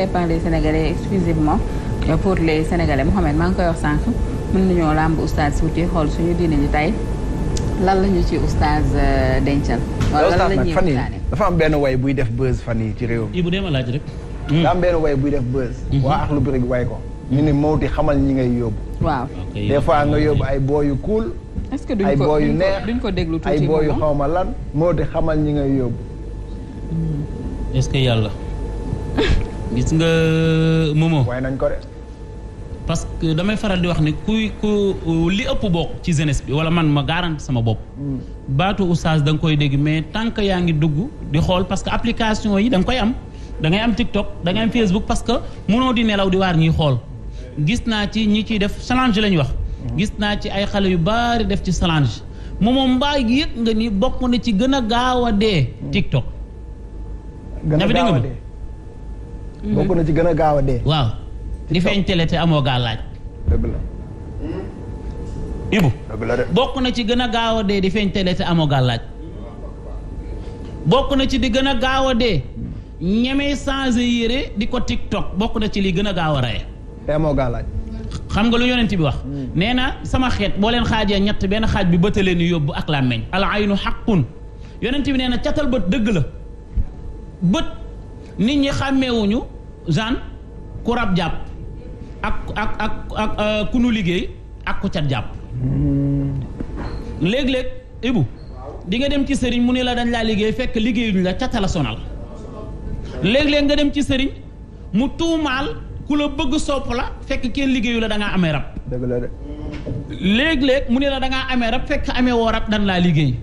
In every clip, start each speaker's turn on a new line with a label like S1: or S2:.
S1: fait par les sénégalais exclusivement pour les sénégalais Mouhamed maa koy wax sànq mën nañoo làmb oustaz tuuti xool suñu diine ji tey lan la ñu ci oustaz euh, dencal. wala lan fan yi
S2: dafa am benn way buy def buzz fan yi ci réew mi. bu dee ma laaj rek. daa am benn
S1: way buy def buzz. Mhm. waa ak lu bëri way ko. ñu ne di xamal ñi ngay yóbbu. waaw des fois nga yóbbu ay boo yu cool. est-ce que duñ ko duñ ko déglu tuuti ay boo yu xaw ma lan Mawti xamal ñi ngay yóbbu.
S2: est-ce que yàlla. gis nga Momo. way nañ ko de. parce que damay faral di wax ni kuy ku li ëpp bok ci jeunesse bi wala man ma garantie sama bopp. Hmm. baatu oustaz dang koy dégg mais tant que yaangi dugg di xol parce que application yi dang koy am da ngay am TikTok da ngay am Facebook parce que mëno di nelaw di war ñi xol gis na ci ñi ci def challenge lañ wax. Hmm. gis na ci ay xalé yu bari def ci challenge momo mbaay gi nga ni bokku na ci gëna a dé hmm. TikTok. a Mm-hmm. bokk na ci gën a gaaw a dee. waaw di feeñ te amoo gaa Ibu. bokk na ci gën a gaaw a dee di feeñ te amoo gaa bokk na ci di gën a gaaw a dee. ñeme changé yére di ko tik TikTok bokk na ci li gën a gaaw a rey. te amoo gaa laaj. xam nga lu yonent bi wax. Mm. nee na sama xeet boo leen xaajee ñett benn xaaj bi bëtt leen yóbbu ak làmmeñ. al aynu xaqun yonent bi nee na catal bët dëgg la bët. nit ñi xàmmeewuñu zan ku rab jàpp ak ak ak ak euh, ku liggéey ak ku cat jàpp léeg-léeg ibu di nga dem ci sëriñ mu ne la dañ laa liggéey fekk liggéeyuñu la catala sonal léeg-léeg nga dem ci sëriñ mu tuumaal ku la bëgg sopp la fekk kenn liggéeyu la da ngaa amee rab dëgg la léeg mu ne la da ngaa amee rab fekk amee woo rab dan laa liggéey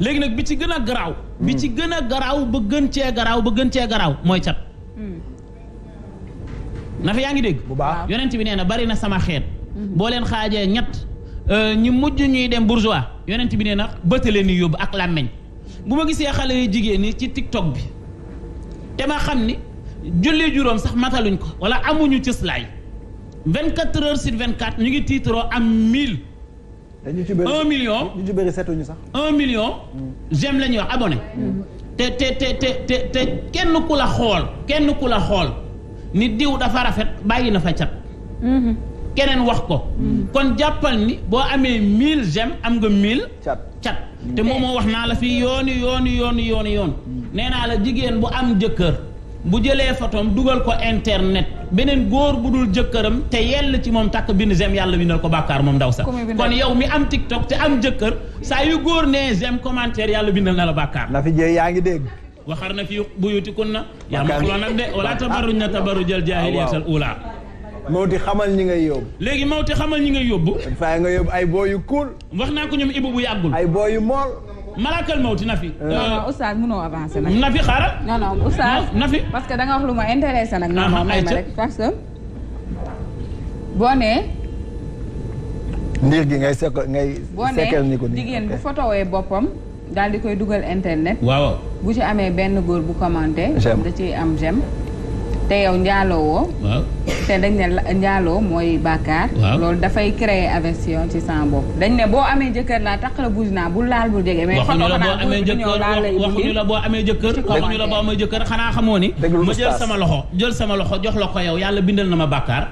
S2: léegi nag bi ci gën a garaaw bi ci hmm. gën a garaaw ba gën cee garaaw ba gën cee garaaw mooy cat. Hmm. na yaa ngi dégg. bu baax yonent bi nee na bari na sama xeet. Hmm. boo leen xaajee ñett euh, ñu mujj ñuy dem bourgeois yonent bi nee na bëtale ni yóbbu ak làmmeñ bu ma gisee xale yu jigéen ñi ci tiktok bi te ma xam ni julli juróom sax mataluñ ko wala amuñu cëslaay 24 heures vingt 24 ñu ngi tiitaroo am 1000. un million ñu ci bëri setuñu sax. un million. j'aime la ñuy wax abonné. te te te te kenn ku la xool kenn ku la xool ni diw dafa rafet bàyyi na fa cat. Mhm. keneen wax ko. Mhm. kon jàppal ni boo amee mille j'aime am nga mill cat cat te moom moo wax naa la fi yooni yooni yooni yooni yoon mhm. nee naa la jigéen bu am jëkkër. bu jëlee photom dugal ko internet beneen góor bu dul jëkkëram te yell ci moom takk bind j'aime yàlla bindal ko bàkkaar moom ndaw sax kon yow mi am tiktok te am jëkkër saa yu góor nee j'aime commentaire yàlla bindal na la bàkkaar na fi jëy yaa ngi dégg waxar na fi buyutikunna yaa ma xuloo nag de wala tabaruj na tabarujal jaahiliyatal ah, ula mawti xamal ñi ngay yóbbu léegi mawti xamal ñi ngay yóbbu fay nga yóbbu ay booyu kuul wax naa ko ñoom ibu bu yàggul ay booyu
S1: malakal mawti na fi.
S2: Euh, non
S1: non na fi xaaral. non non oustaz. na que da nga wax lu ma intéressé nag. non non may ma rek parce que boo nee. ndiir gi ngay sekk ngay. sekkal ni ko nii jigéen bu fotowee boppam. daal di koy dugal internet. waaw bu ci amee benn góor bu commenté. da ciy am j'aime. te yow njaaloo woo. waaw te dañ ne njaaloo mooy bàkkaar. loolu dafay créer aversion ci sa bopp. dañ ne boo amee jëkkër laa takk la buus naa bu laal bu jege. mais xotoo xanaa bu ñëw laal lay waxuñu la boo
S2: amee jëkkër boo amee jëkkër xanaa xamoo ni. ma jël sama loxo jël sama loxo jox la ko yow yàlla bindal na ma bàkkaar.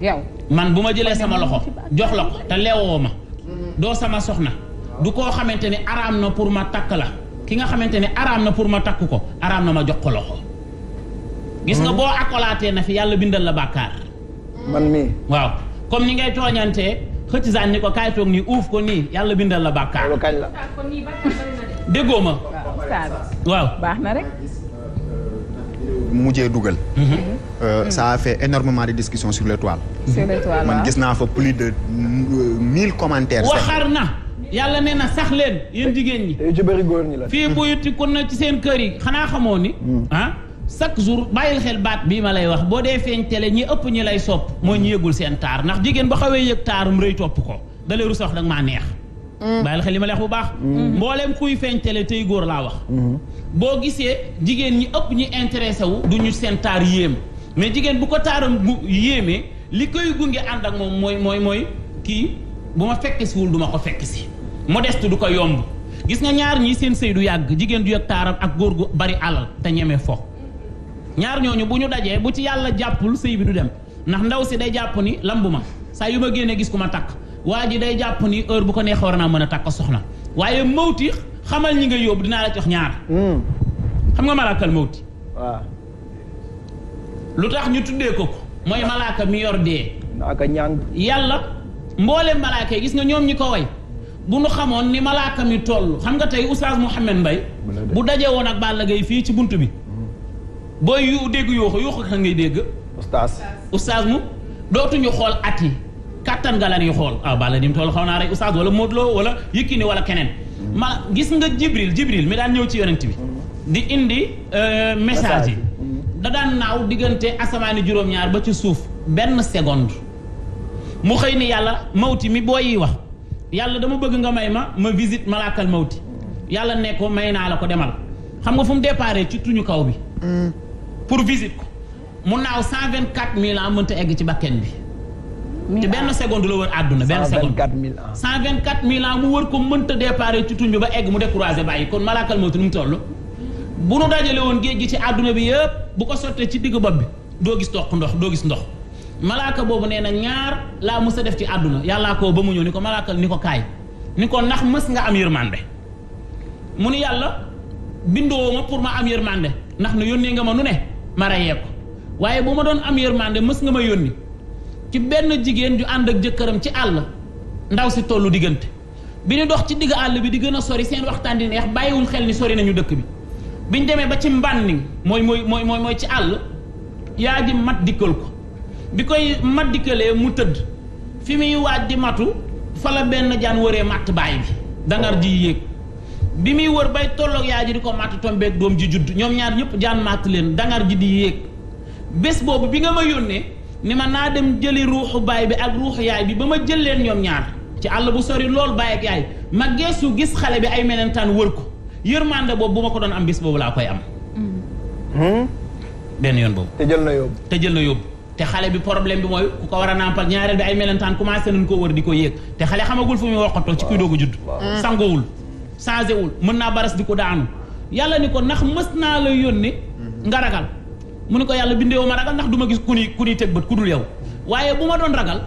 S2: yow man bu ma jëlee sama loxo jox la ko te leewoo ma. Mm-hmm. doo sama soxna. du koo xamante ne araam na pour ma takk la ki nga xamante ne araam na pour ma takk ko araam na ma jox ko loxo gis nga hmm. boo akolaatee na fi yàlla bindal la bàkkaar man mii waaw comme ni ngay tooñantee xëcc saan ni ko kaay toog nii uuf ko nii yàlla bindal la bàkkaar déggoo ma waaw baax na rek mujjee dugal mhm. euh, ça a fait énormément de discussions sur l'étoile man gis naa fa plus de mille commentaires waxar na yàlla nee na sax leen yéen jigéen ñi fii buyuti kon na ci seen kër yi xanaa xamoo ni hmm. ah, chaque jour bàyyil xel baat bii ma lay wax boo dee feeñ tele ñi ëpp ñi lay sopp mooy ñu yëgul seen taar ndax jigéen ba xawee yëg taarum rëy topp ko dalee rus wax nag maa neex mm. bàyyil xel li ma leex bu baax mm. mm. mbooleem kuy feeñtale tey góor laa wax boo gisee jigéen ñi ëpp ñi intéressé wu du ñu seen taar yéem mais jigéen bu ko taaram gu yéemee li koy gunge ànd ak moom mooy mooy mooy kii bu ma fekk siwul du ma ko fekk si modeste du ko yomb gis nga ñaar ñii seen sëy du yàgg jigéen du yëg taaram ak gu bari alal te ñeme fo ñaar ñooñu bu ñu dajee bu ci yàlla jàppul sëy bi du dem ndax ndaw si day jàpp ni lambu ma saa yu ma génnee gis ku ma takk waa ji day jàpp ni heure bu ko neexee war naa mën a takk soxna waaye mawti xamal ñi nga yóbbu dinaa la jox ñaar. Hmm. xam nga malaakal mawti. lu tax ñu tuddee ko mooy malaaka mi yor dee. malaaka yàlla mboole malaakee gis nga ñoom ñi ko way bu nu xamoon ni malaaka mi toll xam nga tey oustaz Mouhamed Mbaye bu daje woon ak Balla Gaye fii ci bunt bi. booy yu dégg yuuxu yuuxu kan ngay dégg. oustaz oustaz mu dootuñu xool at yi kattan nga la xool ah bala ni mu toll xaw naa rek oustaz wala Modou Lo wala Yékini wala keneen. ma gis nga Jibril Jibril mi daan ñëw ci yonent bi. di indi euh, message yi. da daan naaw diggante asamaani juróom-ñaar ba ci suuf benn seconde mu xëy ni yàlla mawti mi booy yi wax yàlla dama bëgg nga may ma ma visite malaakal mawti yàlla ne ko may naa la ko demal xam nga fu mu déparé ci kaw bi. Hmm. pour visite ko mu naaw cent vingt quatre mille ans mënta egg ci bakken bi te benn seconde la wër àdduna benn seconde cent vingt quatre mille ans mu wër ko mënta départ ci tuñ bi ba egg mu décroisé bàyyi kon malaakal mawtu toll bu nu dajale woon géej gi ci àdduna bi yëpp bu ko sottee ci digg bopp bi doo gis toq ndox doo gis ndox malaaka boobu nee na ñaar laa mës def ci àdduna yàllaa koo ba mu ñëw ni ko malaakal ni ko kaay ni ko ndax mës nga am yërmande mu ni yàlla bindoo ma pour ma am yërmande ndax na yónnee nga ma nu ne ma ya ko waaye buma don am yërmande mës nga ma yoni ci benn jigen ju and ak jëkkëram ci àll ndaw si tollu diggante bi ni dox ci digg àll bi di gëna sori seen
S1: waxtaan di neex
S2: bayiwul xel ni sori nañu dëkk bi bi ñu ba ci mbanni moy moy moy moy moy ci àll yaa mat dikkal ko bi koy mat dikkalee mu teud fi muy di matu fa la benn jaan wëree matt bi nga di yéeg bi muy wër bay tolloog yaay ji di ko màtt tombeeg doom ji judd ñoom ñaar ñëpp jaan màtt leen dangar ji di yéeg bés boobu bi nga ma yónnee ni ma naa dem jëli ruuxu baay bi ak ruuxu yaay bi ba ma jël leen ñoom ñaar ci àll bu sori lool baay ak yaay ma geesu gis xale bi ay melentaan wër ko yërmande boobu bu ma ko doon am bés boobu laa koy am. Hmm? benn yoon boobu. te jël na yóbbu te jël na yóbbu. te xale bi problème bi mooy ku ko war a nàmpal ñaareel bi ay melentaan commencé nañ koo wër di ko yéeg te xale xamagul fu muy ci kuy doog a judd. sangoowul changé wul mën naa baras di ko daanu yàlla ni ko ndax mës naa la yónnee mhm. nga ragal mu ne ko yàlla bindeewu ma ragal ndax du ma gis ku ni ku bët ku dul yow waaye bu ma doon ragal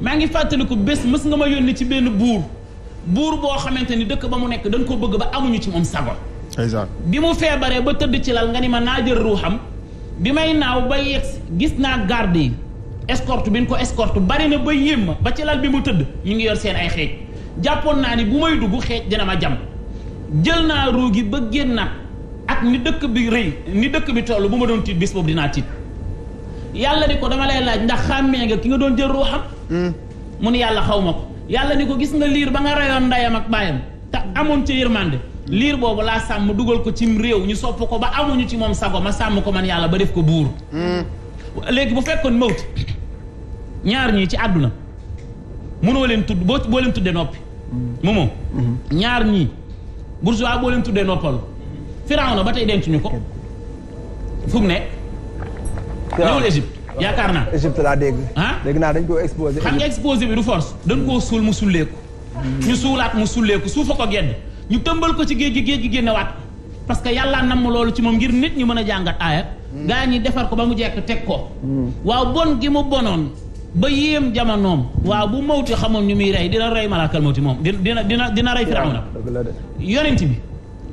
S2: maa ngi fàttaliku bés mës nga ma yónni ci benn buur buur boo xamante ni dëkk ba mu nekk dañ ko bëgg ba amuñu ci moom sago bi mu feebaree ba tëdd ci lal nga ni ma naa jël ruuxam bi may naaw ba yegsi gis naa garde yi escorte bi ñu ko escorte bari na ba yéem ma ba ci lal bi mu tëdd ñu ngi yor seen ay xeej jàppoon naa ni bu may dugg xeej dina ma jam jël naa ruu gi ba génnaat ak ni dëkk bi rëy ni dëkk bi toll bu ma doon tiit bis boobu dinaa tiit yàlla ni ko dama lay laaj ndax xàmmee nga ki nga doon jël ruuxam hmm. mu ne yàlla xaw ma ko yàlla ni ko gis nga liir ba nga rayoon ndeyam ak baayam te amoon ca yërmande liir boobu laa sàmm dugal ko cim réew ñu sopp ko ba amuñu ci moom sago ma sàmm ko man yàlla ba def ko buur hmm. léegi bu fekkoon mawti ñaar ñii ci àdduna mënoo leen tudd boo boo leen tudde noppi hmm. bourgeois boo leen tuddee noppalu Firawna ba tey dencuñu ko fu ne nekk ñëwul Égypte yaakaar naa
S1: Égypte laa dégg ah dégg naa dañ koo exposé xam nga
S2: exposé bi du force dañ koo suul mu sulleeku ñu suulaat mu sulleeku suufa ko gedd ñu tëmbal ko ci géej gi géej gi génnewaat ko parce que yàlla namm loolu ci moom ngir nit ñi mën a jàngat aaya hmm. gaa ñi defar ko ba mu jekk teg ko hmm. waaw bon gi mu bonoon بيم جمانوم وابو موتي خمون نمي راي دينا راي ملاك الموت موم دينا دينا دينا راي فرعون يونتي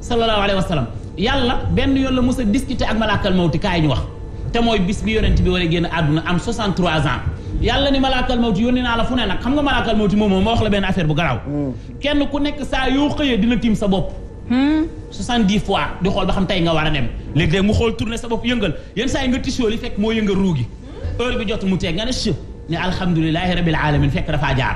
S2: صلى الله عليه وسلم يلا بن يلا موسى ديسكوتي اك ملاك الموت كاي نيوخ تا موي بيس بي يونتي بي وري ген ادنا ام 63 زان يلا ني ملاك الموت يونينا لا فونه نك خمغو ملاك الموت موم موخ لا بن افير بو غراو كين كو نيك سا يو خيي دينا تيم سا بوب 70 fois di xol ba xam tay nga wara dem leg leg mu xol tourner sa bop yeungal yeen say nga tissu li fek mo yeungal ruugi heure bi jot mu tek nga ne chef ne alhamdulilahi rabil alamin fekk dafaa jaar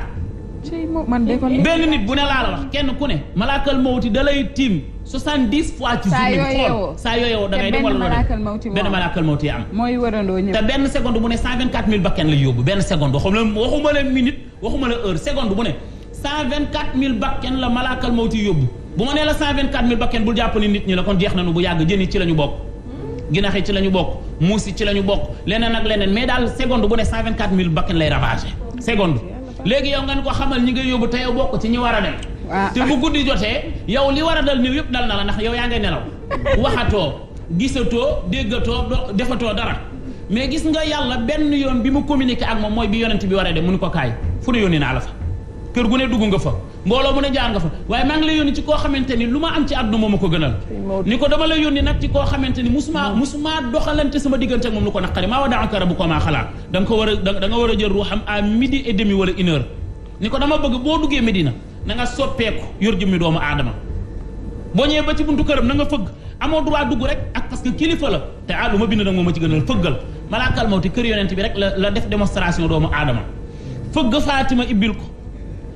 S1: benn nit bu ne laa la wax
S2: kenn ku ne malaakal mawti da lay tiim soixante-dix fois ci journée bi xool saa yooyoo da ngay dem wala benn malaakal mawti am te benn seconde bu ne cent vingt yóbbu benn seconde waxuma la waxuma la minute waxuma la heure seconde bu ne cent la malaakal mawti yóbbu bu ma nee la cent vingt quatre nit ñi la kon jeex nañu bu yàgg jëni ci la bokk ginax yi ci la ñu bokk muus ci la ñu bokk leneen ak leneen mais daal seconde bu ne cent vingt mille bakkan lay ravagé seconde léegi yow ngeen ko xamal ñi ngay yóbbu te yow bokk ci ñi war a dem te bu guddi jotee yow li war a dal niw yëpp dal na la ndax yow yaa ngay nelaw waxatoo gisatoo déggatoo defatoo dara mais gis nga yàlla benn yoon bi mu communiqué ak moom mooy bi yonent bi war a dem mu ni ko kaay fu ne yónni naa la fa kër gu ne dugg nga fa mbolo mu ne jaar nga fa waye ma ngi lay yoni ci ko xamanteni luma am ci àdduna moom ko gënal niko dama lay yoni nak ci ko xamanteni ni musuma musuma doxalante sama digënté ak moom lu ko naqari maa wa daaka rabu ko ma xalaat dang ko wara da nga wara jël ruham a midi et demi wala une heure niko dama bëgg bo duggé Medina na nga soppeeku yor jëmmi doomu adama bo ñëw ba ci buntu kërëm na nga fëgg amo droit dugg rek ak parce que kilifa la té ah ma bind nak moma ci gënal fëggal malaakal mawti kër yonent bi rek la def démonstration doomu adama fëgg Fatima ibbil ko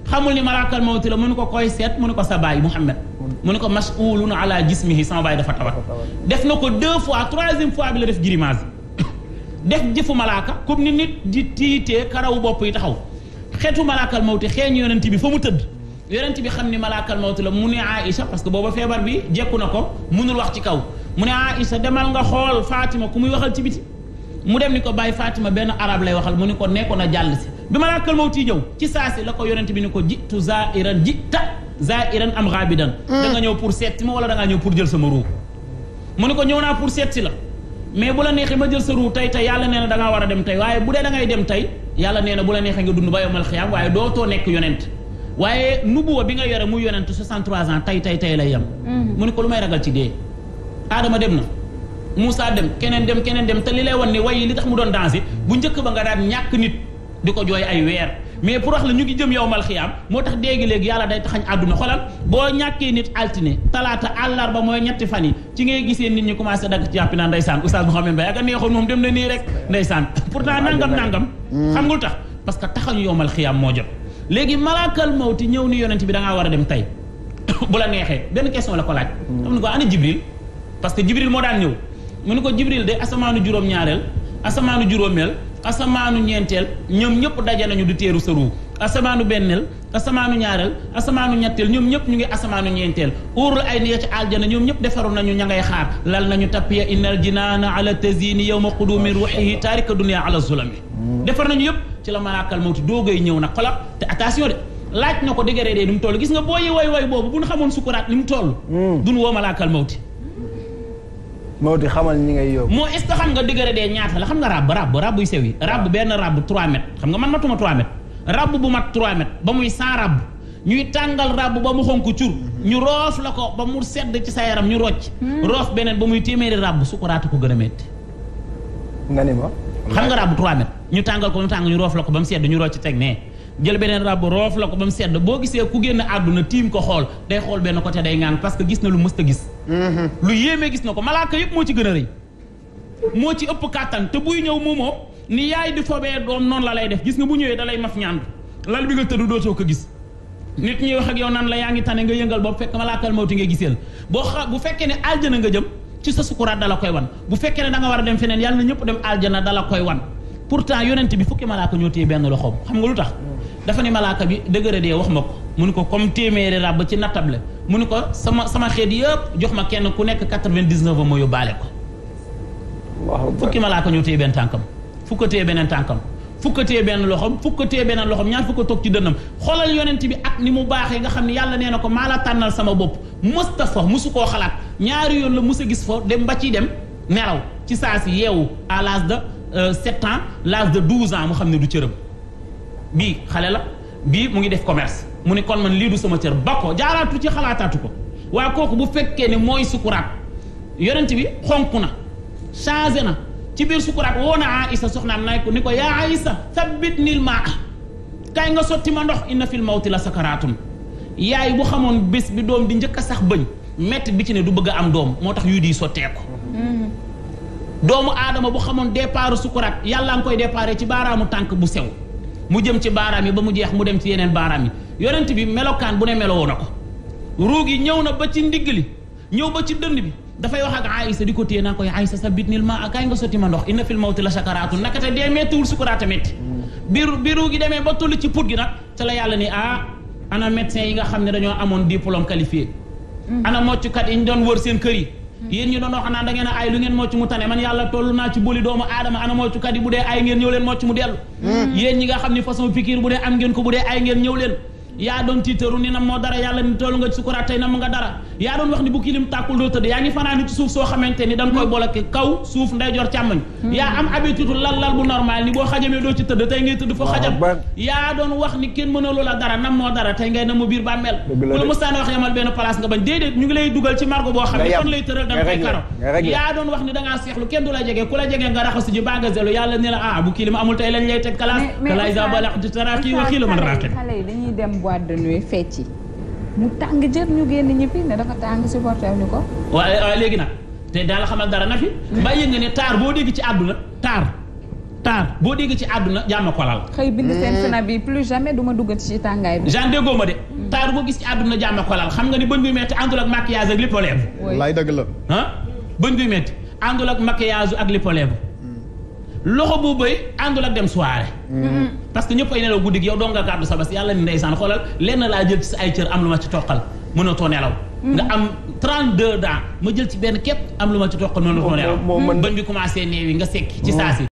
S2: xamul ni malaakal mawti la mu ko koy seet mu ko sa baay Muhammad mu ko mas'ulun ala jismihi sama baay dafa tawat def na ko deux fois troisième fois bi la def grimace def jëfu malaaka comme ni nit di tiitee karaw bopp yi taxaw xetu malaakal mawti xeeñ yonent bi fa mu tëdd yonent bi xamni ni malaakal mawti la mu aisha parce que booba febar bi jekku na ko munul wax ci kaw mu aisha demal nga xol Fatima kumuy waxal ci biti mu dem ni ko bàyyi Fatima benn arab lay waxal mu ni ko nekkoon a jàll si bi ma laakal mawti ñëw ci saa si la ko yonent bi ni ko ji zairan jita zairan am xaabidan mm. da nga ñëw pour seet si ma wala da ngaa ñëw pour jël sama ruu mu ni ko ñëw naa pour seet la mais bu la neexee ma jël sa ruu tey tey yàlla nee na da war a dem tey waaye bu dee da ngay dem tey yàlla nee na bu la neexee nga dund ba yomal xiyaam waaye doo dootoo nekk yonent waaye nubuwa bi nga yore muy yonent 63 ans tey tey tey lay yem mm. mu ni ko may ragal ci dee aadama dem na Moussa dem keneen dem keneen dem te li lay wan ni waaye li tax mu doon dansé bu njëkk ba nga daan ñàkk nit di ko jooy ay weer mais pour wax la ñu ngi jëm yow mal xiyaam moo tax déegi léegi yàlla day taxañ àdduna xolal boo ñàkkee nit altine talaata àllarba mooy ñetti fan yi ci ngay gisee nit ñi commencé dagg ci yàppi naan ndeysaan oustaz Mouhamed Mbaye aka neexoon moom dem na nii rek ndeysaan pourtant nangam nangam hmm. xam ngul tax parce que taxañu yow mal xiyaam moo jot léegi malaakal mawti ñëw ni yonent bi da war a dem tey bu la neexee benn question la ko laaj xam hmm. ni ko ana Jibril parce que Jibril moo daan ñëw mu ne ko Jibril de asamaanu juróom-ñaareel asamaanu juróomeel asamaanu ñeenteel ñoom ñëpp daje nañu du teeru sa ruu asamaanu benneel asamaanu ñaareel asamaanu ñetteel ñoom ñëpp ñu ngi asamaanu ñeenteel uurul ay ni ya ci aljana ñoom ñëpp defaru nañu ña ngay xaar lal nañu tappiya innal jinaana ala tazini yawma qudumi ruhihi taarika dunia ala zulami defar nañu yëpp ci la malaakal mawti doogay ñëw nag xolal te attention de laaj na ko dégéré dee ni mu toll gis nga booyi way way boobu bu ñu xamoon sukuraat mu toll mm. duñ woo malaakal mawti
S1: moo di xamal ñi ngay yóbbu.
S2: moo est-ce que xam nga dégradé ñaata la xam nga ràbb ràbb ràbb yu sew yi. ràbb benn ràbb 3 mètres xam nga man matuma 3 mètres. ràbb bu mat 3 mètres ba muy 100 ràbb ñuy tàngal ràbb ba mu xonk cur. ñu roof la ko ba mu sedd ci sa yaram ñu rocc. Hmm. roof beneen ba muy téeméeri ràbb sukuraatu ko gën a métti. nga ni ma. xam nga ràbb 3 mètres ñu tàngal ko mu tàng ñu roof la ko ba mu sedd ñu rocc teg nee. jël benen rabu roof la ko bam sedd bo gisee ku génn aduna tim ko xol day xol ben côté day ngang parce que gis na lu musta a gis. Mm-hmm. lu yéeme gis nako malaka malaaka mo ci gëna reuy mo ci ëpp katan te buy ñëw ni yaay di fobé dom non la lay def gis nga bu ñëwee dalay maf ñaan lal bi nga tëdd dootoo ko gis. nit ñi wax ak yow naan la yaangi ngi tane nga yëngal bop fekk malaakal mawti nga bo bu ne aljana nga jëm ci sa sukura dala koy wan bu ne da nga wara dem fenen yalla ñëpp dem aljana dala koy wan pourtant yonent bi fukki malaka ñoo tey ben loxom xam nga dafa ni malaka bi deugere de wax mako muniko comme téméré rab ci nattable mu ni sama sama xeet yëpp jox ma kenn ku nekk 99 vingt dix neuf ko fukki malaka ñu téy ben tànkam fukko téy benen tànkam fukko téy ben loxom fukko téy benen loxom ñaar fukko tok ci dënnam xolal yonent bi ak ni mu baxé nga xamni yàlla néna ko mala tanal sama bop Mustafa musu ko xalat ñaari yoon la musa gis fo dem ba ci dem nelaw ci saa yewu à l'âge de 7 ans l'âge de 12 ans mu xamni du cëram bii xale la bii mu ngi def commerce mu ne kon man lii du sama cër ba ko jaaraatu ci xalaataatu ko waa kooku bu fekkee ne mooy sukuraat yonent bi xonk na changé na ci biir sukuraat woo na Aïssa soxnaam naay ko ni ko yaa Aïssa thabbit nil maa kaay nga sotti ma ndox inna fil mawti la sakaraatun yaay bu xamoon bés bi doom di njëkk a sax bëñ métti bi ci ne du bëgg am doom moo tax yuy di sotteeku mm-hmm. doomu aadama bu xamoon départ sukuraat yàlla nga koy déparé ci baaraamu tànk bu sew mu jëm ci baaraam yi ba mu jeex mu dem ci yeneen baaraam yi yonent bi melokaan bu ne melo na ko ruug yi ñëw na ba ci ndigg li ñëw ba ci dënd bi dafay wax a Aïssa di ko téye naa koy Aïssa sa bit nil ma akaay nga sotti ma ndox inna fil mawti la sakaraatu naka te dee méttiwul sukuraata métti bi bi ruug yi demee ba tull ci put gi nag ca la yàlla nii ah ana médecin yi nga xam ne dañoo amoon diplôme qualifié mm. ana moccukat yi ñu doon wër seen kër yi yéen ñi doon wax naan da ngeen a ay lu ngeen mocc mu tane man yàlla toll naa ci boli doomu aadama ana moccukat yi bu dee ay ngeen ñëw mocc mu dellu hmm. yéen ñi nga xam ni façon fikir bu dee am ngeen ko bu dee ay ngeen ñëw leen yaa doon tiitaru ni na moo dara yàlla ni toolu nga sukuraat tey na mu dara yaa ni suuf soo xamante ni da danga koy mm. karo mm. yaa doon yàlla ni ah, bu kilim amul tey lañ lay teg kalaas kalaay sa balax di taraki
S1: wa boîte de nuit fecci ñu tàng jër ñu génn ñibbi ne dafa tàng supporté ñu ko.
S2: waaye léegi nag te daal xamal dara na fi. bàyyi nga ne taar boo dégg ci àdduna taar. taar boo dégg ci àdduna jàmm ko lal. xëy
S1: bind seen hmm. fena bi plus jamais du ma duggati ci tàngaay bi. genre
S2: déggoo ma de. taar boo gis ci àdduna jàmm ko lal xam nga ni bën buy metti àndul ak maquillage ak lépp a leebu. wallaay dëgg la. ah bën buy metti àndul ak maquillage ak leebu loxo bu bëy àndul ak dem soirée. parce que ñëpp ay nelaw guddi gi yow doo nga gàddu sa bés yàlla ni ndeysaan xoolal lenn laa jël ci sa ay cër am lu ma ci toqal mënatoo nelaw. nga am 32
S1: ans ma jël ci benn képp am lu ma ci toqal mënatoo nelaw. bañ bi commencé néewi nga sekki ci saa si.